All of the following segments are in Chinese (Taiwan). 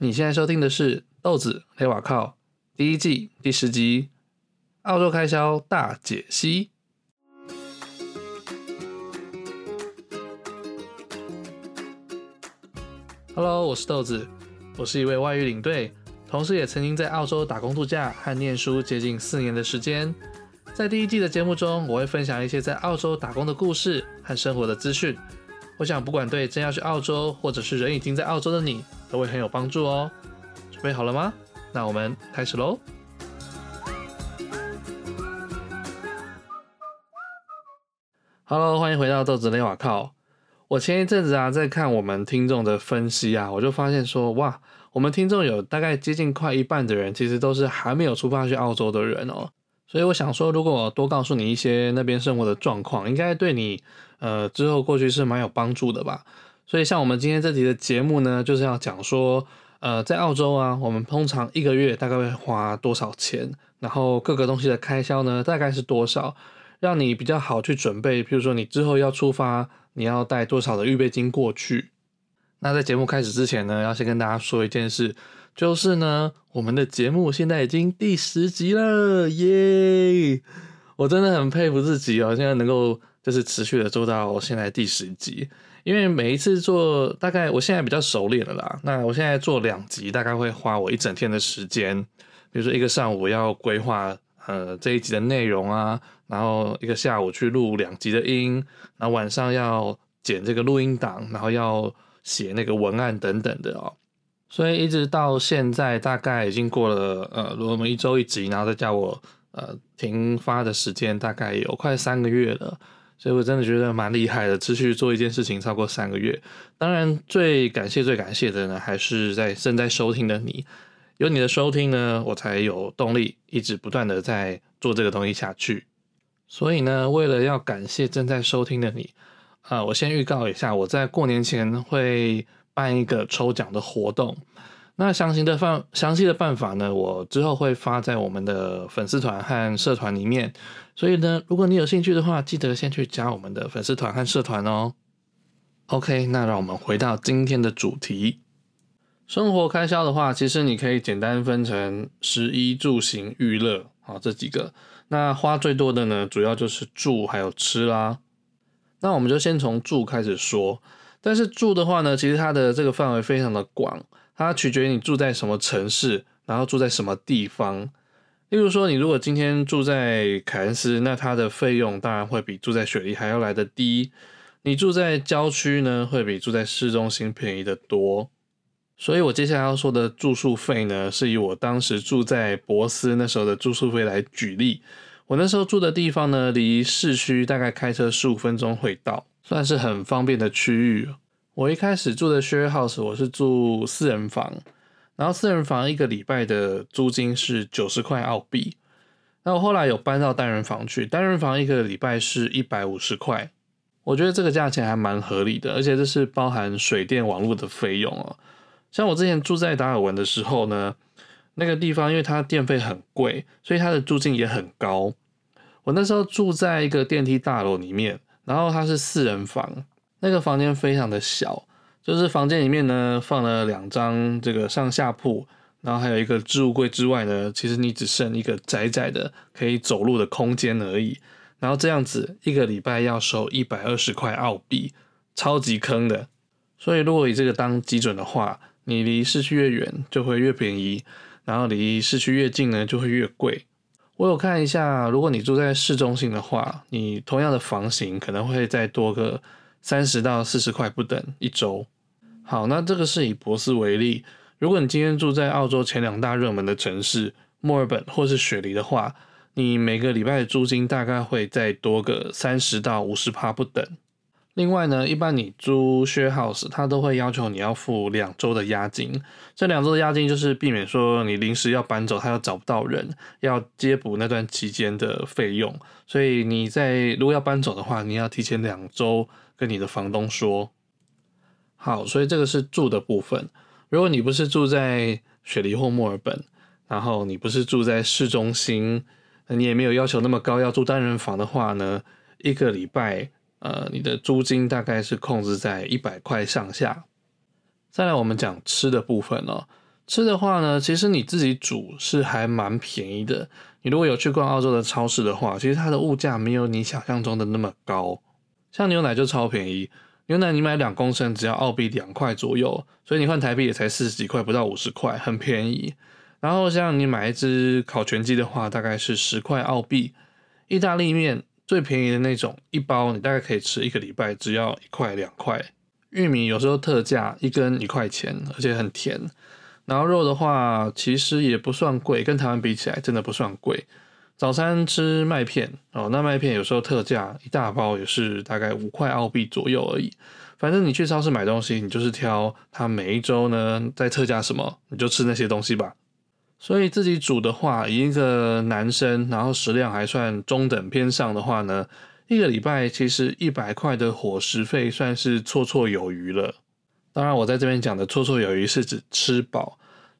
你現在收聽的是《豆子黑瓦靠》第一季第十集《澳洲開銷大解析》。Hello，我是豆子，我是一位外語領隊，同時也曾經在澳洲打工度假和念書接近四年的時間。在第一季的節目中，我會分享一些在澳洲打工的故事和生活的資訊。我想，不管對正要去澳洲，或者是人已經在澳洲的你，都會很有幫助哦，準備好了嗎？那我們開始嘍。Hello，歡迎回到豆子內瓦靠。我前一陣子啊，在看我們聽眾的分析啊，我就發現說，哇，我們聽眾有大概接近快一半的人，其實都是還沒有出發去澳洲的人哦。所以我想說，如果我多告訴你一些那邊生活的狀況，應該對你，呃，之後過去是蠻有幫助的吧。所以，像我們今天這集的節目呢，就是要講說，呃，在澳洲啊，我們通常一個月大概會花多少錢，然後各個東西的開銷呢，大概是多少，讓你比較好去準備。譬如說，你之後要出發，你要帶多少的預備金過去。那在節目開始之前呢，要先跟大家說一件事，就是呢，我們的節目現在已經第十集了，耶！我真的很佩服自己哦，現在能夠就是持續的做到現在第十集。因為每一次做，大概我現在比較熟練了啦。那我現在做兩集，大概會花我一整天的時間。比如說一個上午要規劃呃這一集的內容啊，然後一個下午去錄兩集的音，然後晚上要剪這個錄音檔，然後要寫那個文案等等的哦。所以一直到現在，大概已經過了呃，如果我們一周一集，然後再叫我呃停發的時間，大概有快三個月了。所以我真的覺得蠻厲害的，持續做一件事情超過三個月。當然，最感謝、最感謝的呢，還是在正在收聽的你，有你的收聽呢，我才有動力一直不斷的在做這個東西下去。所以呢，為了要感謝正在收聽的你，啊、呃，我先預告一下，我在過年前會辦一個抽獎的活動。那詳細的方詳細的辦法呢，我之後會發在我們的粉絲團和社團裡面，所以呢，如果你有興趣的話，記得先去加我們的粉絲團和社團哦、喔。OK，那讓我們回到今天的主題，生活開銷的話，其實你可以簡單分成食衣住行娛樂啊這幾個。那花最多的呢，主要就是住還有吃啦。那我們就先從住開始說，但是住的話呢，其實它的這個範圍非常的廣。它取決於你住在什麼城市，然後住在什麼地方。例如說，你如果今天住在凱恩斯，那它的費用當然會比住在雪梨還要來得低。你住在郊區呢，會比住在市中心便宜得多。所以，我接下來要說的住宿費呢，是以我當時住在博斯那時候的住宿費來舉例。我那時候住的地方呢，離市區大概開車十五分鐘會到，算是很方便的區域。我一開始住的 share house，我是住四人房，然後四人房一個禮拜的租金是九十塊澳幣。那我後來有搬到單人房去，單人房一個禮拜是一百五十塊。我覺得這個價錢還蠻合理的，而且這是包含水電網絡的費用哦、喔。像我之前住在達爾文的時候呢，那個地方因為它電費很貴，所以它的租金也很高。我那時候住在一個電梯大樓裡面，然後它是四人房。那個房間非常的小，就是房間裡面呢，放了兩張這個上下鋪，然後還有一個置物櫃之外呢，其實你只剩一個窄窄的可以走路的空間而已。然後這樣子一個禮拜要收一百二十塊澳幣，超級坑的。所以如果以這個當基準的話，你離市區越遠就會越便宜，然後離市區越近呢就會越貴。我有看一下，如果你住在市中心的話，你同樣的房型可能會再多個，三十到四十塊不等一周。好，那這個是以伯斯為例。如果你今天住在澳洲前兩大熱門的城市墨爾本或是雪梨的話，你每個禮拜的租金大概會再多個三十到五十趴不等。另外呢，一般你租 share house，他都會要求你要付兩周的押金。這兩周的押金就是避免說你臨時要搬走，他又找不到人要接補那段期間的費用。所以你在如果要搬走的話，你要提前兩周。跟你的房東說。好，所以這個是住的部分。如果你不是住在雪梨或墨爾本，然後你不是住在市中心，你也沒有要求那麼高，要住單人房的話呢，一個禮拜呃，你的租金大概是控制在一百塊上下。再來，我們講吃的部分哦。吃的話呢，其實你自己煮是還蠻便宜的。你如果有去逛澳洲的超市的話，其實它的物價沒有你想象中的那麼高。像牛奶就超便宜，牛奶你買兩公升只要澳幣兩塊左右，所以你換台幣也才四十幾塊，不到五十塊，很便宜。然後像你買一隻烤全雞的話，大概是十塊澳幣。意大利麵最便宜的那種，一包你大概可以吃一個禮拜，只要一塊兩塊。玉米有時候特價，一根一塊錢，而且很甜。然後肉的話，其實也不算貴，跟台灣比起來真的不算貴。早餐吃麥片哦，那麥片有時候特價一大包也是大概五塊澳幣左右而已。反正你去超市買東西，你就是挑他每一周呢在特價什麼，你就吃那些東西吧。所以自己煮的話，一個男生，然後食量還算中等偏上的話呢，一個禮拜其實一百塊的伙食費算是綽綽有餘了。當然，我在這邊講的綽綽有餘是指吃飽。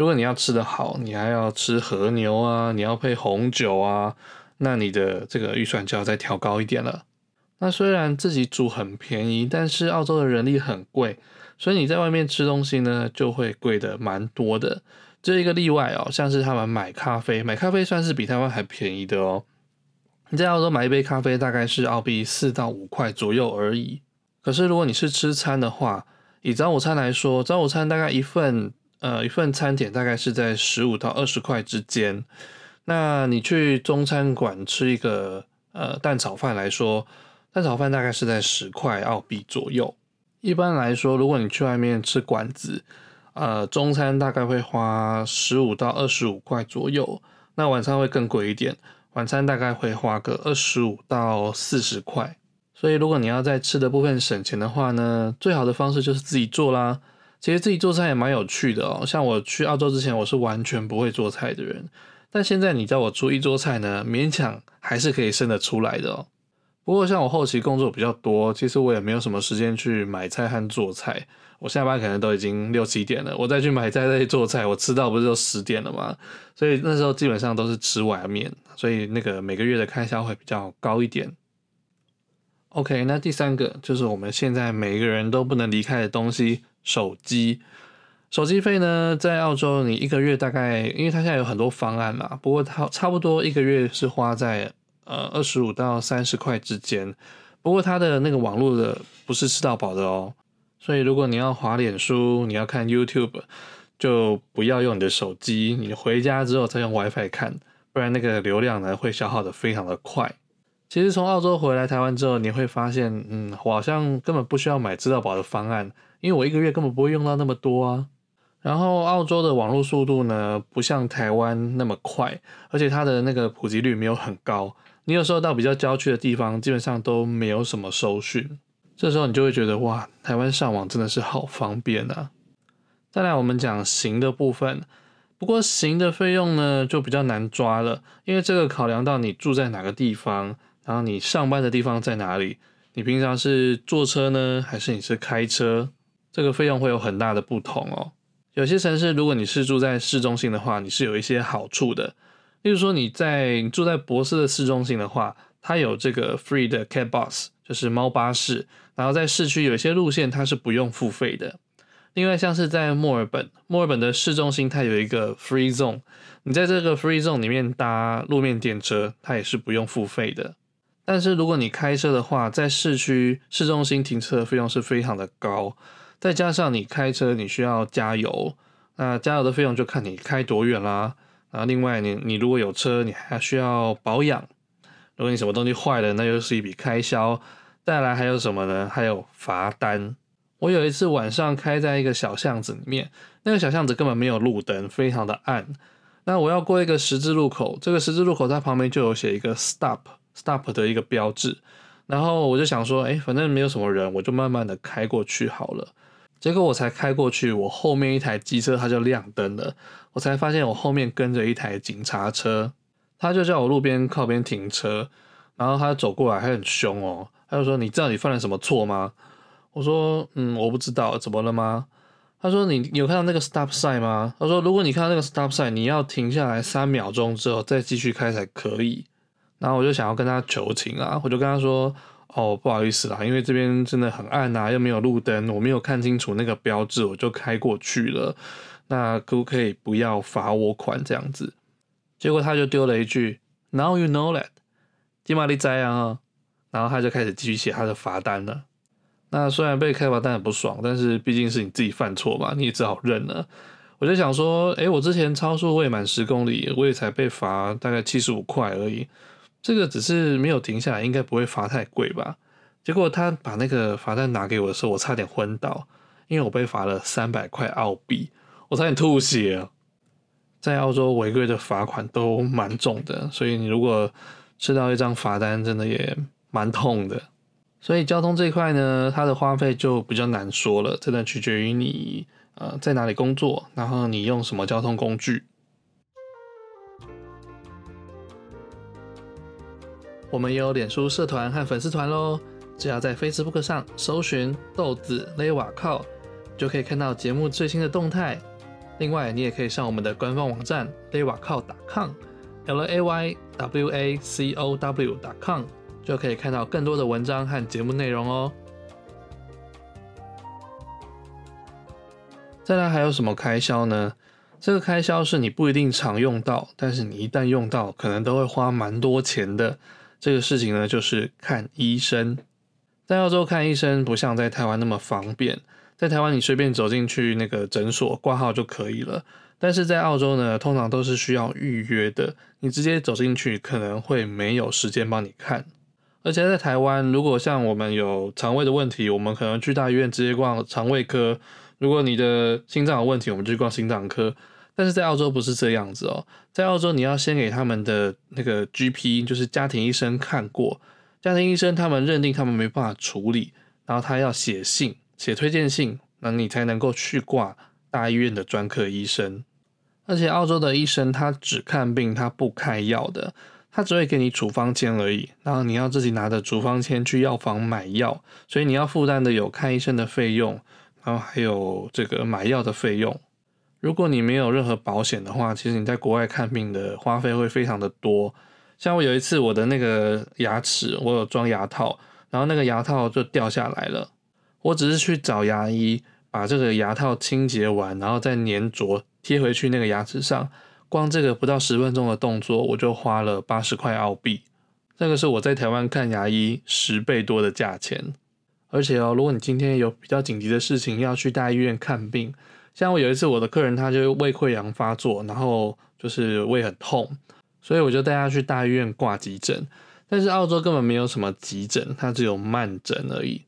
如果你要吃的好，你還要吃和牛啊，你要配紅酒啊，那你的這個預算就要再調高一點了。那雖然自己煮很便宜，但是澳洲的人力很貴，所以你在外面吃東西呢，就會貴的蠻多的。這一個例外哦，像是他們買咖啡，買咖啡算是比台灣還便宜的哦。你在澳洲買一杯咖啡大概是澳幣四到五塊左右而已。可是如果你是吃餐的話，以早午餐來說，早午餐大概一份。呃，一份餐點大概是在十五到二十塊之間。那你去中餐館吃一個呃蛋炒飯來說，蛋炒飯大概是在十塊澳幣左右。一般來說，如果你去外面吃館子，呃，中餐大概會花十五到二十五塊左右。那晚餐會更貴一點，晚餐大概會花個二十五到四十塊。所以，如果你要在吃的部分省錢的話呢，最好的方式就是自己做啦。其實自己做菜也蠻有趣的哦，像我去澳洲之前，我是完全不會做菜的人，但現在你叫我出一桌菜呢，勉強還是可以生得出來的哦。不過像我後期工作比較多，其實我也沒有什麼時間去買菜和做菜。我下班可能都已經六七點了，我再去買菜再去做菜，我吃到不是就十點了嘛？所以那時候基本上都是吃碗麵，所以那個每個月的開銷會比較高一點。OK，那第三個就是我們現在每個人都不能離開的東西。手機，手機費呢？在澳洲，你一個月大概，因為它現在有很多方案嘛。不過它差不多一個月是花在呃二十五到三十塊之間。不過它的那個網絡的不是吃到飽的哦，喔，所以如果你要滑臉書，你要看 YouTube，就不要用你的手機。你回家之後再用 WiFi 看，不然那個流量呢會消耗的非常的快。其實從澳洲回來台灣之後，你會發現，嗯，我好像根本不需要買吃到飽的方案。因為我一個月根本不會用到那麼多啊，然後澳洲的網絡速度呢，不像台灣那麼快，而且它的那個普及率沒有很高。你有時候到比較郊區的地方，基本上都沒有什麼收訊，這時候你就會覺得哇，台灣上網真的是好方便啊。再來我們講行的部分，不過行的費用呢就比較難抓了，因為這個考量到你住在哪個地方，然後你上班的地方在哪裡，你平常是坐車呢，還是你是開車？這個費用會有很大的不同哦。有些城市，如果你是住在市中心的話，你是有一些好處的。例如說你在，你在住在珀斯的市中心的話，它有這個 free 的 cat bus，就是貓巴士。然後在市區有一些路線，它是不用付費的。另外，像是在墨爾本，墨爾本的市中心它有一個 free zone，你在這個 free zone 裡面搭路面電車，它也是不用付費的。但是如果你開車的話，在市區市中心停車費用是非常的高。再加上你開車，你需要加油，那加油的費用就看你開多遠啦。然後另外你，你你如果有車，你還需要保養。如果你什麼東西壞了，那又是一筆開銷。再來還有什麼呢？還有罰單。我有一次晚上開在一個小巷子裡面，那個小巷子根本沒有路燈，非常的暗。那我要過一個十字路口，這個十字路口它旁邊就有寫一個 “stop stop” 的一個標誌。然後我就想說，哎、欸，反正沒有什麼人，我就慢慢的開過去好了。結果我才開過去，我後面一台機車它就亮燈了，我才發現我後面跟着一台警察車，他就叫我路邊靠邊停車，然後他走過來還很凶哦，他就說你知道你犯了什麼錯嗎？我說嗯，我不知道、呃、怎麼了嗎？他說你，你有看到那個 stop sign 嗎？他說如果你看到那個 stop sign，你要停下來三秒鐘之後再繼續開才可以。然後我就想要跟他求情啊，我就跟他說。哦，不好意思啦，因為這邊真的很暗吶、啊，又沒有路燈，我沒有看清楚那個標誌，我就開過去了。那可不可以不要罰我款這樣子？結果他就丟了一句 “Now you know that”，現在你知道啊，然後他就開始繼續寫他的罰單了。那雖然被開罰單很不爽，但是畢竟是你自己犯錯嘛，你也只好認了。我就想說，誒、欸、我之前超速未滿十公里，我也才被罰大概七十五塊而已。這個只是沒有停下來，應該不會罰太貴吧？結果他把那個罰單拿給我的時候，我差點昏倒，因為我被罰了三百塊澳幣，我差點吐血了。在澳洲違規的罰款都蠻重的，所以你如果吃到一張罰單，真的也蠻痛的。所以交通這一塊呢，它的花費就比較難說了，真的取決於你呃在哪裡工作，然後你用什麼交通工具。我們也有臉書社團和粉絲團嘍，只要在 Facebook 上搜尋豆子雷瓦靠，就可以看到節目最新的動態。另外，你也可以上我們的官方網站雷瓦靠 .com，laywacow.com，就可以看到更多的文章和節目內容哦。再來，還有什麼開銷呢？這個開銷是你不一定常用到，但是你一旦用到，可能都會花蠻多錢的。這個事情呢，就是看醫生，在澳洲看醫生不像在台灣那麼方便，在台灣你隨便走進去那個診所掛號就可以了，但是在澳洲呢，通常都是需要預約的，你直接走進去可能會沒有時間幫你看。而且在台灣，如果像我們有腸胃的問題，我們可能去大醫院直接掛腸胃科；如果你的心臟有問題，我們就去掛心臟科。但是在澳洲不是這樣子哦，在澳洲你要先給他們的那個 GP，就是家庭醫生看過，家庭醫生他們認定他們沒辦法處理，然後他要寫信，寫推薦信，那你才能夠去掛大醫院的專科醫生。而且澳洲的醫生他只看病，他不開藥的，他只會給你處方箋而已，然後你要自己拿着處方箋去藥房買藥，所以你要負擔的有看醫生的費用，然後還有這個買藥的費用。如果你沒有任何保險的話，其實你在國外看病的花費會非常的多。像我有一次，我的那個牙齒，我有裝牙套，然後那個牙套就掉下來了。我只是去找牙醫把這個牙套清潔完，然後再粘着貼回去那個牙齒上。光這個不到十分鐘的動作，我就花了八十塊澳幣。這個是我在台灣看牙醫十倍多的價錢。而且哦，如果你今天有比較緊急的事情要去大醫院看病。像我有一次，我的客人他就胃潰瘍發作，然後就是胃很痛，所以我就帶他去大醫院掛急診。但是澳洲根本沒有什麼急診，它只有慢診而已。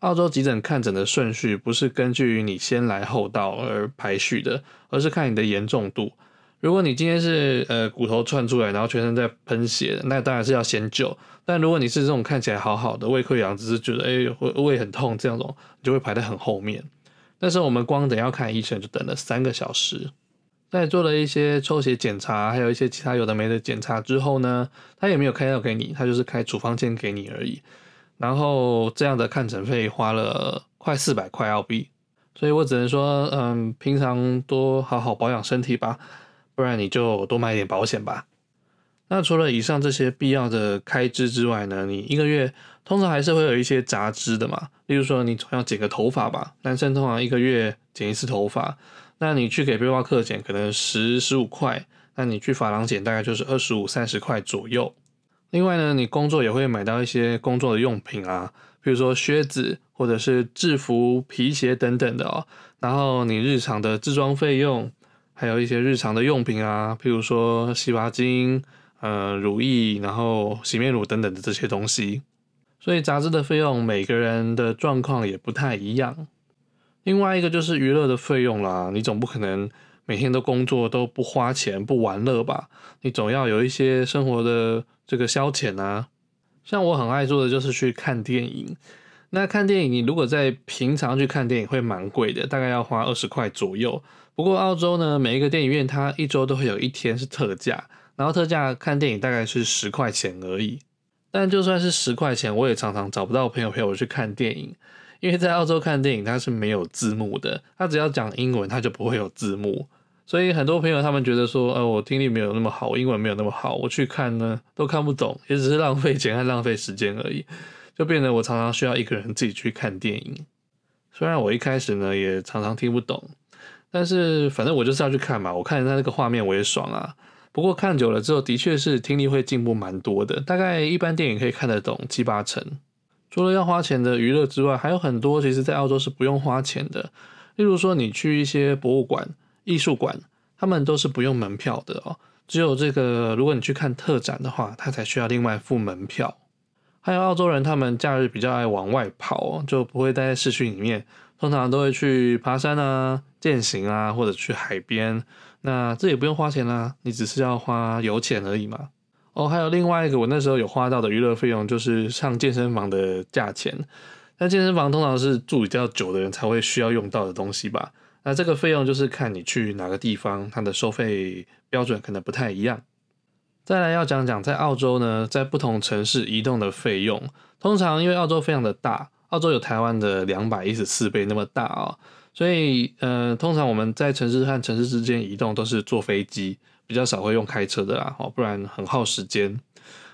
澳洲急診看診的順序不是根據於你先來後到而排序的，而是看你的嚴重度。如果你今天是呃骨頭竄出來，然後全身在噴血的，那當然是要先救。但如果你是這種看起來好好的胃潰瘍，只是覺得哎、欸、胃很痛這樣種，你就會排在很後面。但是我們光等要看醫生就等了三個小時，在做了一些抽血檢查，還有一些其他有的沒的檢查之後呢，他也沒有開藥給你，他就是開處方箋給你而已。然後這樣的看診費花了快四百塊澳幣，所以我只能說，嗯，平常多好好保養身體吧，不然你就多買一點保險吧。那除了以上這些必要的開支之外呢，你一個月通常還是會有一些雜支的嘛。例如說，你總要剪個頭髮吧，男生通常一個月剪一次頭髮。那你去給背包客剪，可能十十五塊；那你去髮廊剪，大概就是二十五三十塊左右。另外呢，你工作也會買到一些工作的用品啊，比如說靴子或者是制服皮鞋等等的哦、喔。然後你日常的置裝費用，還有一些日常的用品啊，譬如說洗髮精。呃，乳液、然後洗面乳等等的這些東西，所以雜支的費用每個人的狀況也不太一樣。另外一個就是娛樂的費用啦，你總不可能每天都工作都不花錢，不玩樂吧？你總要有一些生活的這個消遣啊。像我很愛做的就是去看電影。那看電影，你如果在平常去看電影會蠻貴的，大概要花二十塊左右。不過澳洲呢，每一個電影院它一周都會有一天是特價。然後特價看電影大概是十塊錢而已，但就算是十塊錢，我也常常找不到朋友陪我去看電影，因為在澳洲看電影它是沒有字幕的，它只要講英文，它就不會有字幕。所以很多朋友他們覺得說，呃，我聽力沒有那麼好，英文沒有那麼好，我去看呢都看不懂，也只是浪費錢和浪費時間而已，就變得我常常需要一個人自己去看電影。雖然我一開始呢也常常聽不懂，但是反正我就是要去看嘛，我看人家那個畫面我也爽啊。不過看久了之後，的確是聽力會進步蠻多的。大概一般電影可以看得懂七八成。除了要花錢的娛樂之外，還有很多其實，在澳洲是不用花錢的。例如說，你去一些博物館、藝術館，他們都是不用門票的哦。只有這個，如果你去看特展的話，他才需要另外付門票。還有澳洲人，他們假日比較愛往外跑哦，就不會待在市區裡面，通常都會去爬山啊、健行啊，或者去海邊。那這也不用花錢啦，你只是要花油錢而已嘛。哦，還有另外一個我那時候有花到的娛樂費用，就是上健身房的價錢。那健身房通常是住比較久的人才會需要用到的東西吧？那這個費用就是看你去哪個地方，它的收費標準可能不太一樣。再來要講講在澳洲呢，在不同城市移動的費用，通常因為澳洲非常的大，澳洲有台灣的兩百一十四倍那麼大喔。所以，呃，通常我們在城市和城市之間移動都是坐飛機，比較少會用開車的啦，哦，不然很耗時間。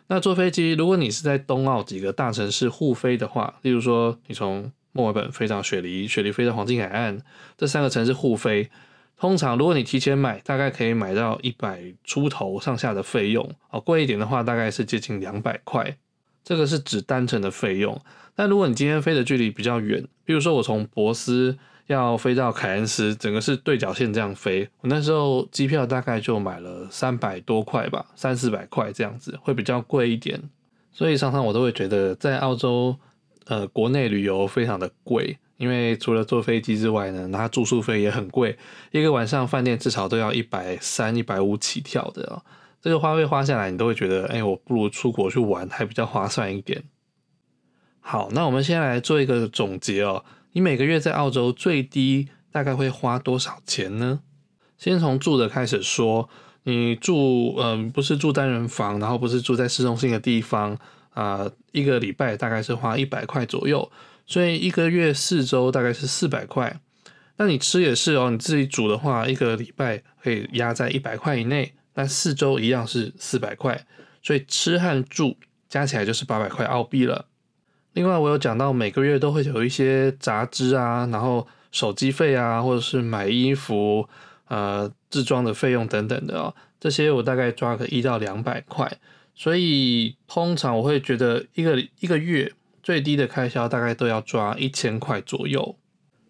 那坐飛機，如果你是在東澳幾個大城市互飛的話，例如說你從墨爾本飛到雪梨，雪梨飛到黃金海岸這三個城市互飛，通常如果你提前買，大概可以買到一百出頭上下的費用。哦，貴一點的話大概是接近兩百塊。這個是指單程的費用。但如果你今天飛的距離比較遠，比如說我從博斯。要飛到凱恩斯，整個是對角線這樣飛。我那時候機票大概就買了三百多塊吧，三四百塊這樣子，會比較貴一點。所以常常我都會覺得，在澳洲，呃，國內旅遊非常的貴，因為除了坐飛機之外呢，那住宿費也很貴，一個晚上飯店至少都要一百三、一百五起跳的哦。這個花費花下來，你都會覺得，哎，我不如出國去玩還比較划算一點。好，那我們先來做一個總結哦。你每個月在澳洲最低大概會花多少錢呢？先從住的開始說，你住呃不是住單人房，然後不是住在市中心的地方，啊，呃，一個禮拜大概是花一百塊左右，所以一個月四周大概是四百塊。那你吃也是哦，你自己煮的話，一個禮拜可以壓在一百塊以內，但四周一樣是四百塊，所以吃和住加起來就是八百塊澳幣了。另外，我有講到每個月都會有一些雜支啊，然後手機費啊，或者是買衣服，呃，置裝的費用等等的哦，這些我大概抓個一到兩百塊。所以，通常我會覺得一個一個月最低的開銷大概都要抓一千塊左右。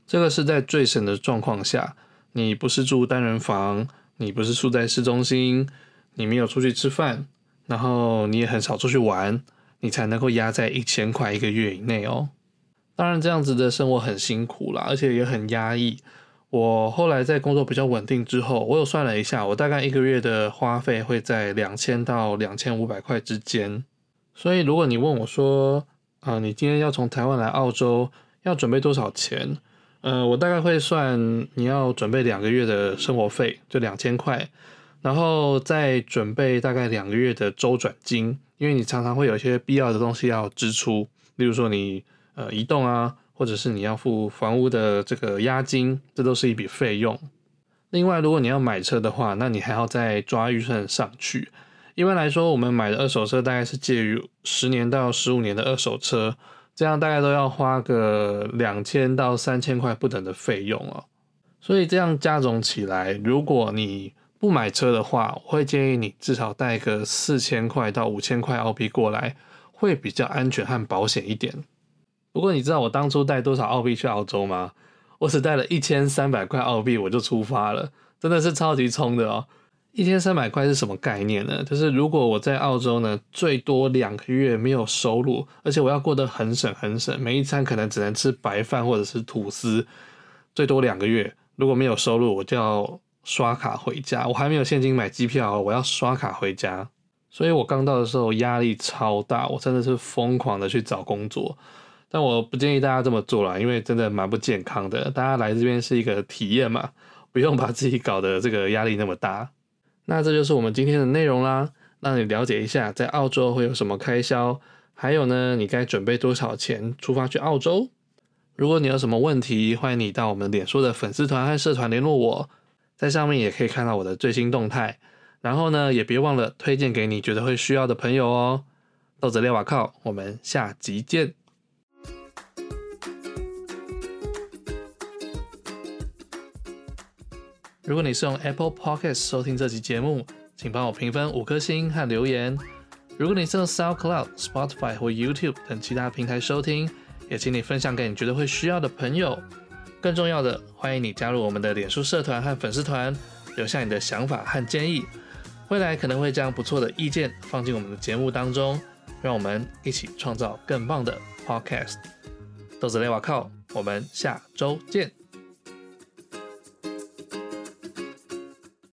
這個是在最省的狀況下，你不是住單人房，你不是住在市中心，你沒有出去吃飯，然後你也很少出去玩。你才能夠壓在一千塊一個月以內哦。當然，這樣子的生活很辛苦啦，而且也很壓抑。我後來在工作比較穩定之後，我有算了一下，我大概一個月的花費會在兩千到兩千五百塊之間。所以，如果你問我說，啊、呃，你今天要從台灣來澳洲，要準備多少錢？呃，我大概會算你要準備兩個月的生活費，就兩千塊。然後再準備大概兩個月的周轉金，因為你常常會有一些必要的東西要支出，例如說你呃移動啊，或者是你要付房屋的這個押金，這都是一筆費用。另外，如果你要買車的話，那你還要再抓預算上去。一般來說，我們買的二手車大概是介於十年到十五年的二手車，這樣大概都要花個兩千到三千塊不等的費用哦。所以這樣加總起來，如果你不買車的話，我會建議你至少帶個四千塊到五千塊澳幣過來，會比較安全和保險一點。不過你知道我當初帶多少澳幣去澳洲嗎？我只帶了一千三百塊澳幣，我就出發了，真的是超級衝的哦、喔！一千三百塊是什麼概念呢？就是如果我在澳洲呢，最多兩個月沒有收入，而且我要過得很省很省，每一餐可能只能吃白飯或者是吐司，最多兩個月如果沒有收入，我就要。刷卡回家，我還沒有現金買機票，我要刷卡回家。所以，我剛到的時候壓力超大，我真的是瘋狂的去找工作。但我不建議大家這麼做了，因為真的蠻不健康的。大家來這邊是一個體驗嘛，不用把自己搞得這個壓力那麼大。那這就是我們今天的內容啦，讓你了解一下在澳洲會有什麼開銷，還有呢，你該準備多少錢出發去澳洲？如果你有什麼問題，歡迎你到我們臉書的粉絲團和社團聯絡我。在上面也可以看到我的最新動態，然後呢，也別忘了推薦給你覺得會需要的朋友哦。豆子列瓦靠，我們下集見。如果你是用 Apple Podcast 收聽這集節目，請幫我評分五顆星和留言。如果你是用 SoundCloud、Spotify 或 YouTube 等其他平台收聽，也請你分享給你覺得會需要的朋友。更重要的，歡迎你加入我們的臉書社團和粉絲團，留下你的想法和建議。未來可能會將不錯的意見放進我們的節目當中，讓我們一起創造更棒的 Podcast。豆子雷瓦靠，我們下周見。